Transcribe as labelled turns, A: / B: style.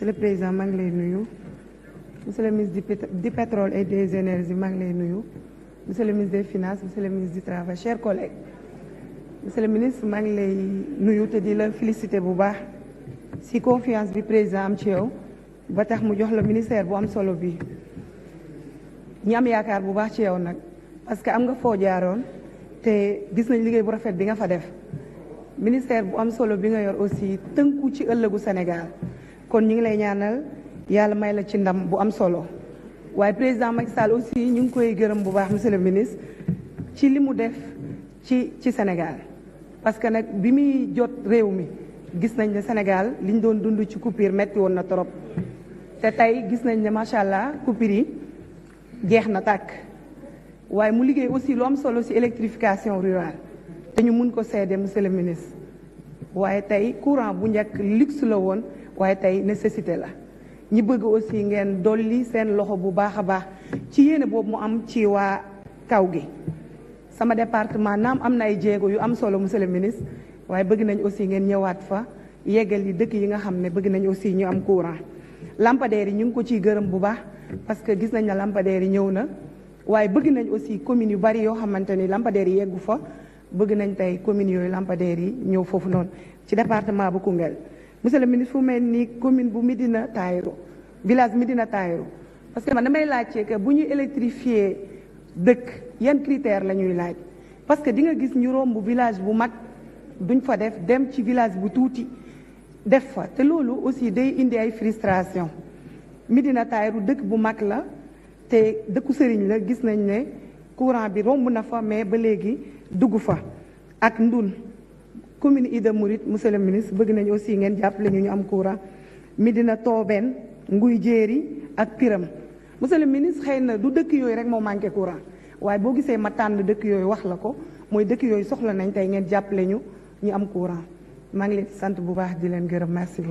A: monsieur le président maa ngi lay nuyu monsieur le ministre du pétrole et des énergies maa lay nuyu monsieur le ministre des finances monsieur le ministre du travail chers collègues monsieur le ministre maa ngi lay nuyu te di la féliciter bu baax ci confiance bi président am ci yow ba tax mu jox la ministère bu am solo bi ñi am yaakaar bu baax ci yow nag parce que am nga foo jaaroon te gis nañ liggéey bu rafet bi nga fa def ministère bu am solo bi nga yor aussi tënku ci ëllëgu Sénégal kon ñu ngi lay ñaanal yàlla may la ci ndam bu am solo waaye président Macky Sall aussi ñu ngi koy gërëm bu baax monsieur le ministre ci li mu def ci ci Sénégal parce que nag bi muy jot réew mi gis nañ ne Sénégal li ñu doon dund ci coupure metti woon na trop te tey gis nañ ne macha allah coupure yi jeex na tàkk waaye mu liggéey aussi lu am solo ci électrification rural te ñu mun ko seede monsieur le ministre waaye tey courant bu njëkk luxe la woon. waaye tey nécessité la ñi bëgg aussi ngeen dolli seen loxo bu baax a baax ci yéene boobu mu am ci waa kaw gi sama departement naam am na ay jéego yu am solo mu le ministre waaye bëgg nañ aussi ngeen ñëwaat fa yeggal yi dëkk yi nga xam ne bëgg nañ aussi ñu am courant lampadaires yi ñu ngi ko ciy gërëm bu baax parce que gis nañ ne lampadaires yi ñëw na waaye bëgg nañ aussi communes yu bari yoo xamante ni lampadaires yi yeggu fa bëgg nañ tey communes yooyu lampadaires yi ñëw foofu noonu ci département bu Koungheul monsieur le ministre fu mel ni commune bu Médina Taïro village Médina Taïro parce que man damay laajte que bu ñu électrifier dëkk yan critère la ñuy laaj parce que di nga gis ñu romb village bu mag duñ fa def dem ci village bu tuuti def fa te loolu aussi day indi ay fristration Médina Taïro dëkk bu mag la te dëkku sëriñ la gis nañ ne courant bi romb na fa mais ba léegi dugg fa ak ndun commune Ida Mouride monsieur le ministre bëgg nañu aussi ngeen jàppale ñu ñu am courant Médina Tobène Nguy Jéeri ak Piram monsieur le ministre xëy na du dëkk yooyu rek moo manqué courant waaye boo gisee ma tànn dëkk yooyu wax la ko mooy dëkk yooyu soxla nañ tey ngeen jàppale ñu ñu am courant maa ngi leen sant bu baax di leen gërëm merci